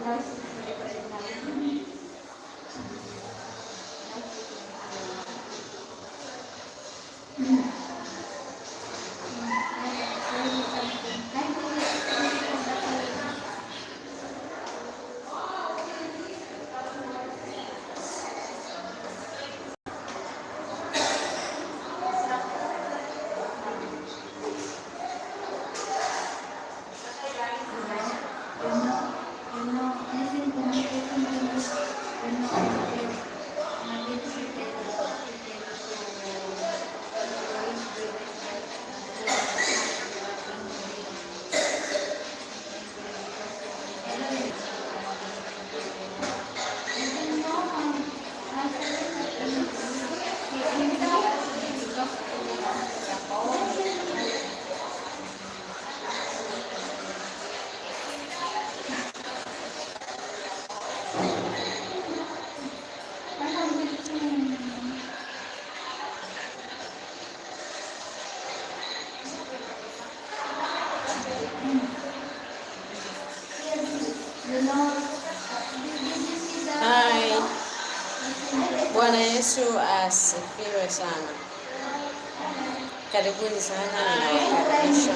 Thank you. Asifiwe sana. Karibuni sana, ninawakaribisha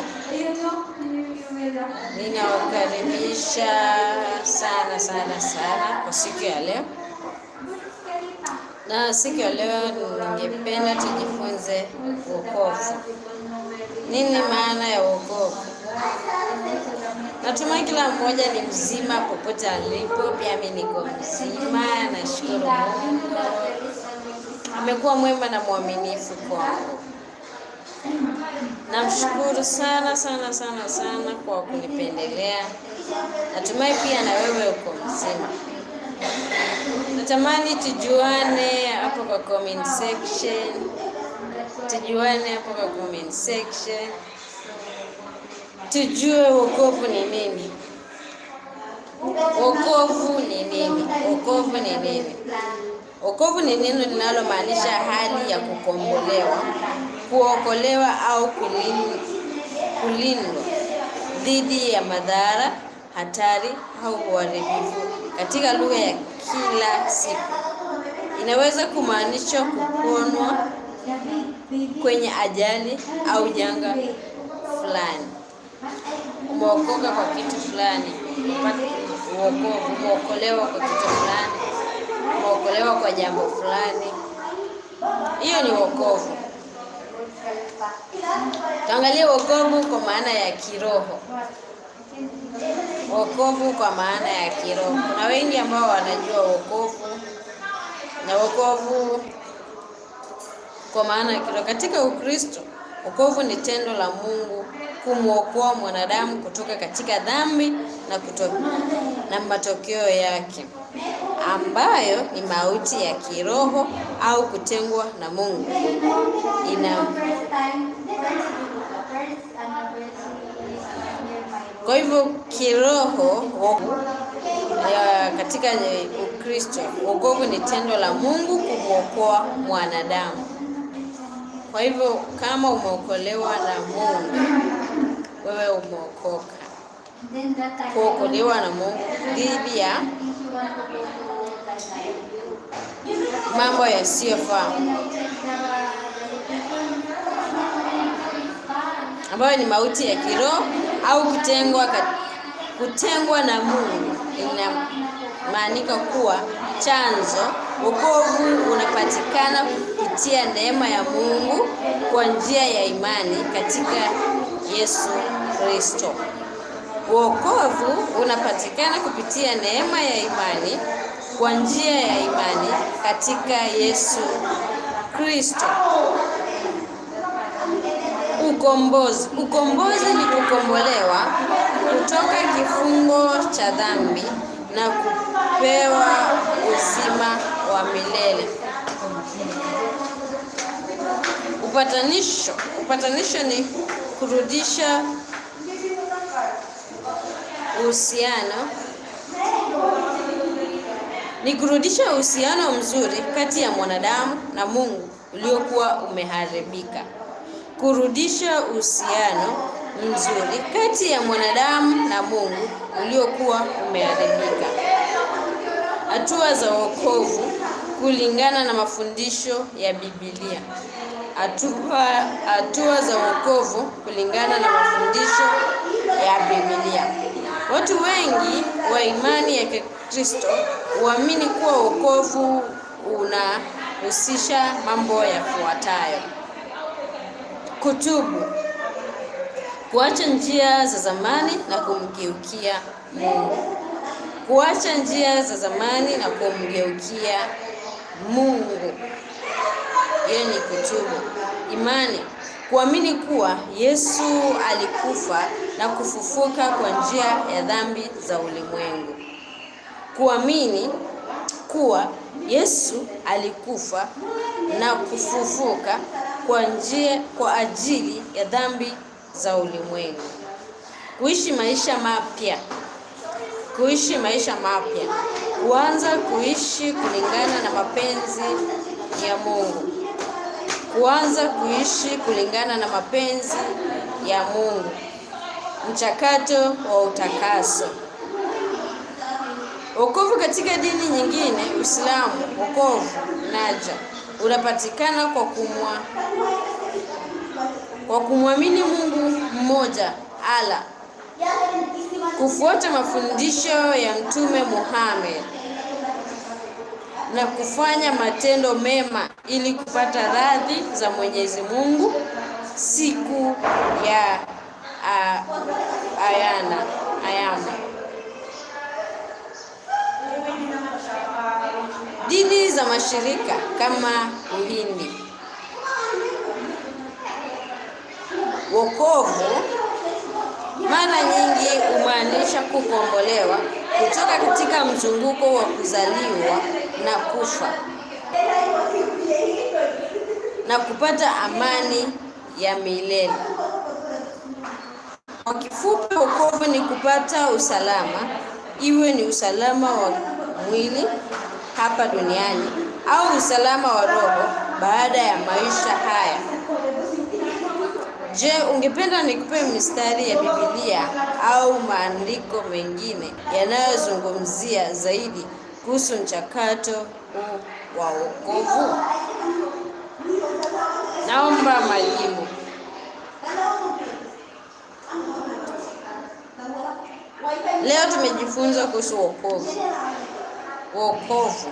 ninawakaribisha sana sana sana kwa siku ya leo. Na siku ya leo ningependa tujifunze wokovu. Nini maana ya wokovu? Natumai kila mmoja ni mzima popote alipo, pia mimi niko mzima, nashukuru Mungu amekuwa mwema na mwaminifu kwangu. Namshukuru sana sana sana sana kwa kunipendelea. Natumai pia na wewe uko mzima. Natamani tujuane hapo kwa comment section, tujuane hapo kwa comment section, tujue wokovu ni nini, wokovu ni nini, wokovu ni nini. Wokovu ni neno linalomaanisha hali ya kukombolewa, kuokolewa au kulindwa dhidi ya madhara, hatari au uharibifu katika lugha ya kila siku. Inaweza kumaanisha kuponwa kwenye ajali au janga fulani, umeokoka kwa kitu fulani, umeokolewa kwa kitu fulani umeokolewa kwa jambo fulani. Hiyo ni wokovu. Tuangalie wokovu kwa maana ya kiroho. Wokovu kwa maana ya kiroho. Kuna wengi ambao wanajua wokovu na wokovu kwa maana ya kiroho. Katika Ukristo, wokovu ni tendo la Mungu kumwokoa mwanadamu kutoka katika dhambi na, na matokeo yake ambayo ni mauti ya kiroho au kutengwa na Mungu. Ina kwa hivyo kiroho ya katika Ukristo, wokovu ni tendo la Mungu kumwokoa mwanadamu. Kwa hivyo kama umeokolewa na Mungu, wewe umeokoka. Kuokolewa na Mungu dhidi ya mambo yasiyofaa ambayo ni mauti ya kiroho au kutengwa, kutengwa na Mungu. Inamaanika kuwa chanzo wokovu unapatikana kupitia neema ya Mungu kwa njia ya imani katika Yesu Kristo. Wokovu unapatikana kupitia neema ya imani kwa njia ya imani katika Yesu Kristo. Ukombozi. Ukombozi ni kukombolewa kutoka kifungo cha dhambi na kupewa uzima wa milele. Upatanisho. Upatanisho ni kurudisha Uhusiano ni kurudisha uhusiano mzuri kati ya mwanadamu na Mungu uliokuwa umeharibika. Kurudisha uhusiano mzuri kati ya mwanadamu na Mungu uliokuwa umeharibika. Hatua za wokovu kulingana na mafundisho ya Biblia. Hatua hatua za wokovu kulingana na mafundisho ya Biblia. Watu wengi wa imani ya Kikristo huamini kuwa wokovu unahusisha mambo yafuatayo: kutubu, kuacha njia za zamani na kumgeukia Mungu, kuacha njia za zamani na kumgeukia Mungu. Hiyo ni kutubu. Imani, kuamini kuwa Yesu alikufa na kufufuka kwa njia ya dhambi za ulimwengu. Kuamini kuwa Yesu alikufa na kufufuka kwa njia kwa ajili ya dhambi za ulimwengu. Kuishi maisha mapya. Kuishi maisha mapya. Kuanza kuishi kulingana na mapenzi ya Mungu. Kuanza kuishi kulingana na mapenzi ya Mungu mchakato wa utakaso. Wokovu katika dini nyingine, Uislamu, wokovu naja unapatikana kwa kumwa kwa kumwamini Mungu mmoja Allah, kufuata mafundisho ya Mtume Muhammad na kufanya matendo mema ili kupata radhi za Mwenyezi Mungu siku ya a, uh, ayana ayana. Dini za mashirika kama Uhindi, wokovu mara nyingi humaanisha kukombolewa kutoka katika mzunguko wa kuzaliwa na kufa na kupata amani ya milele. Kwa kifupi, wokovu ni kupata usalama, iwe ni usalama wa mwili hapa duniani au usalama wa roho baada ya maisha haya. Je, ungependa nikupe mistari ya Biblia au maandiko mengine yanayozungumzia zaidi kuhusu mchakato huu wa wokovu? Naomba majibu. Leo tumejifunza kuhusu wokovu. Wokovu.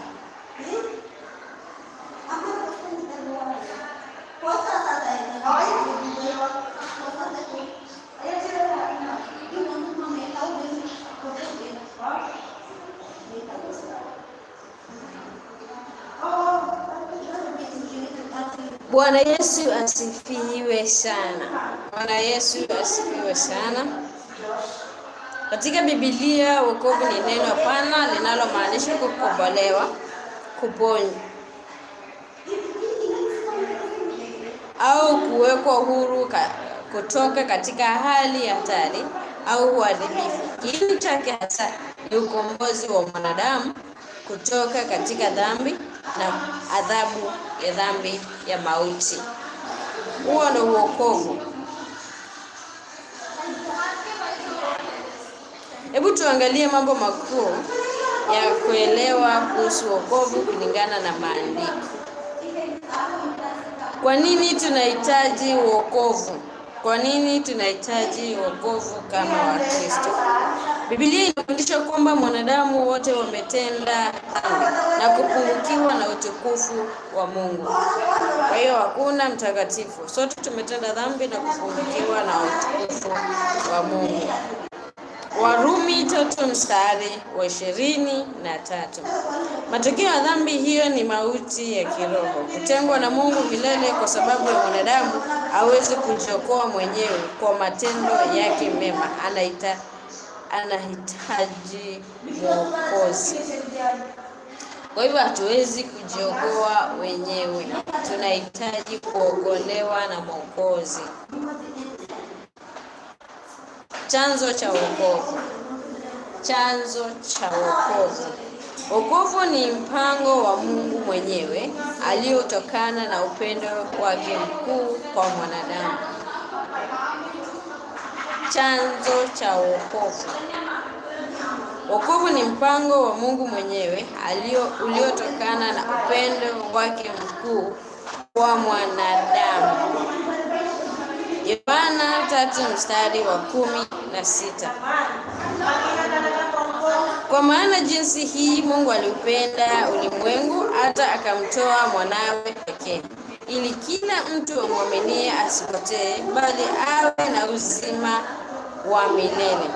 Bwana Yesu asifiwe sana. Bwana Yesu asifiwe sana. Katika Biblia wokovu ni neno pana linalomaanisha kukombolewa, kuponywa au kuwekwa huru ka, kutoka katika hali ya hatari au uharibifu. Kiini chake hasa ni ukombozi wa mwanadamu kutoka katika dhambi na adhabu ya dhambi ya mauti. Huo ndio uokovu. Hebu tuangalie mambo makuu ya kuelewa kuhusu wokovu kulingana na maandiko. Kwa nini tunahitaji wokovu? Kwa nini tunahitaji wokovu kama Wakristo? Biblia inafundisha kwamba mwanadamu wote wametenda dhambi na kupungukiwa na utukufu wa Mungu. Kwa hiyo hakuna mtakatifu, sote tumetenda dhambi na kupungukiwa na utukufu wa Mungu. Warumi tatu mstari wa ishirini na tatu. Matokeo ya dhambi hiyo ni mauti ya kiroho, kutengwa na Mungu milele, kwa sababu ya mwanadamu hawezi kujiokoa mwenyewe kwa matendo yake mema, anaita anahitaji mwokozi. Kwa hivyo hatuwezi kujiokoa wenyewe, tunahitaji kuokolewa na Mwokozi. Chanzo cha wokovu. Chanzo cha wokovu. Wokovu ni mpango wa Mungu mwenyewe aliotokana na upendo wake mkuu kwa mwanadamu. Chanzo cha wokovu. Wokovu ni mpango wa Mungu mwenyewe alio uliotokana na upendo wake mkuu kwa mwanadamu. Yohana tatu mstari wa kumi na sita kwa maana jinsi hii Mungu aliupenda ulimwengu hata akamtoa mwanawe pekee, ili kila mtu amwaminie asipotee, bali awe na uzima wa milele.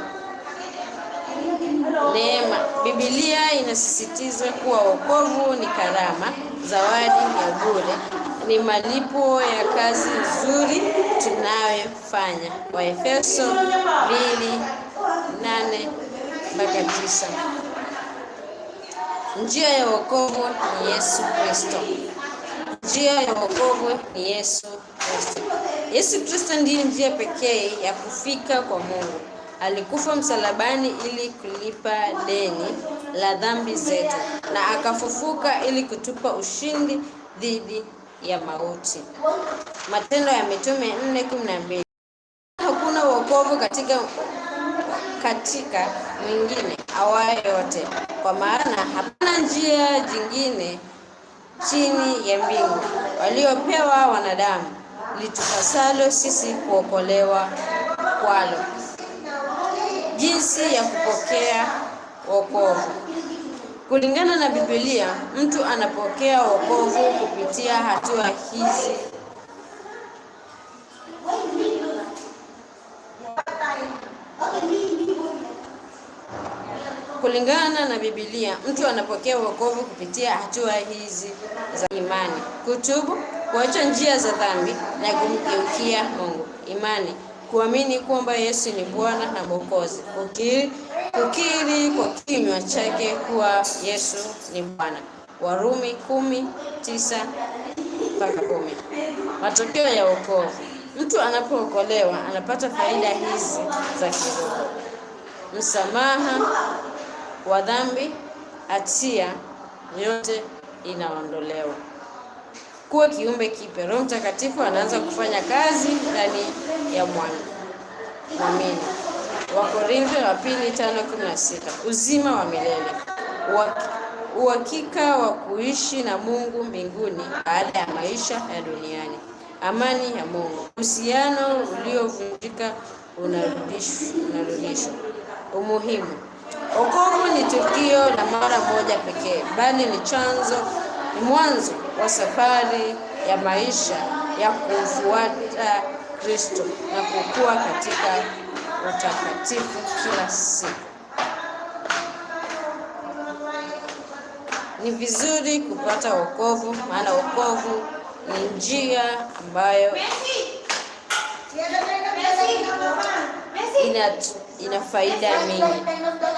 Neema. Biblia inasisitiza kuwa wokovu ni karama, zawadi ya bure ni malipo ya kazi nzuri tunayofanya. Waefeso 2:8 mpaka 9. Njia ya wokovu ni Yesu Kristo. Njia ya wokovu ni Yesu Kristo. Yesu Kristo ndiye njia pekee ya kufika kwa Mungu. Alikufa msalabani ili kulipa deni la dhambi zetu na akafufuka ili kutupa ushindi dhidi ya mauti. Matendo ya Mitume 4:12. Hakuna wokovu katika katika mwingine awaye yote, kwa maana hapana njia jingine chini ya mbingu waliopewa wanadamu litupasalo sisi kuokolewa kwalo. Jinsi ya kupokea wokovu. Kulingana na Biblia, mtu anapokea wokovu kupitia hatua hizi. Kulingana na Biblia, mtu anapokea wokovu kupitia hatua hizi za imani: kutubu, kuacha njia za dhambi na kumgeukia Mungu; imani, kuamini kwamba Yesu ni Bwana na Mwokozi; kukiri, kukiri kwa kinywa chake kuwa Yesu ni Bwana. Warumi kumi tisa mpaka kumi. Matokeo ya wokovu. Mtu anapookolewa anapata faida hizi za kiroho: msamaha wa dhambi, hatia yote inaondolewa, kuwa kiumbe kipya. Roho Mtakatifu anaanza kufanya kazi ndani ya mwana mwamini. Wakorintho wa pili tano kumi na sita uzima wa milele uhakika wa kuishi na Mungu mbinguni baada ya maisha ya duniani, amani ya Mungu. Uhusiano uliovunjika unarudishwa. Umuhimu: wokovu ni tukio la mara moja pekee, bali ni chanzo, ni mwanzo wa safari ya maisha ya kumfuata Kristo na kukua katika watakatifu kila siku. Ni vizuri kupata wokovu, maana wokovu ni njia ambayo ina, ina faida mingi.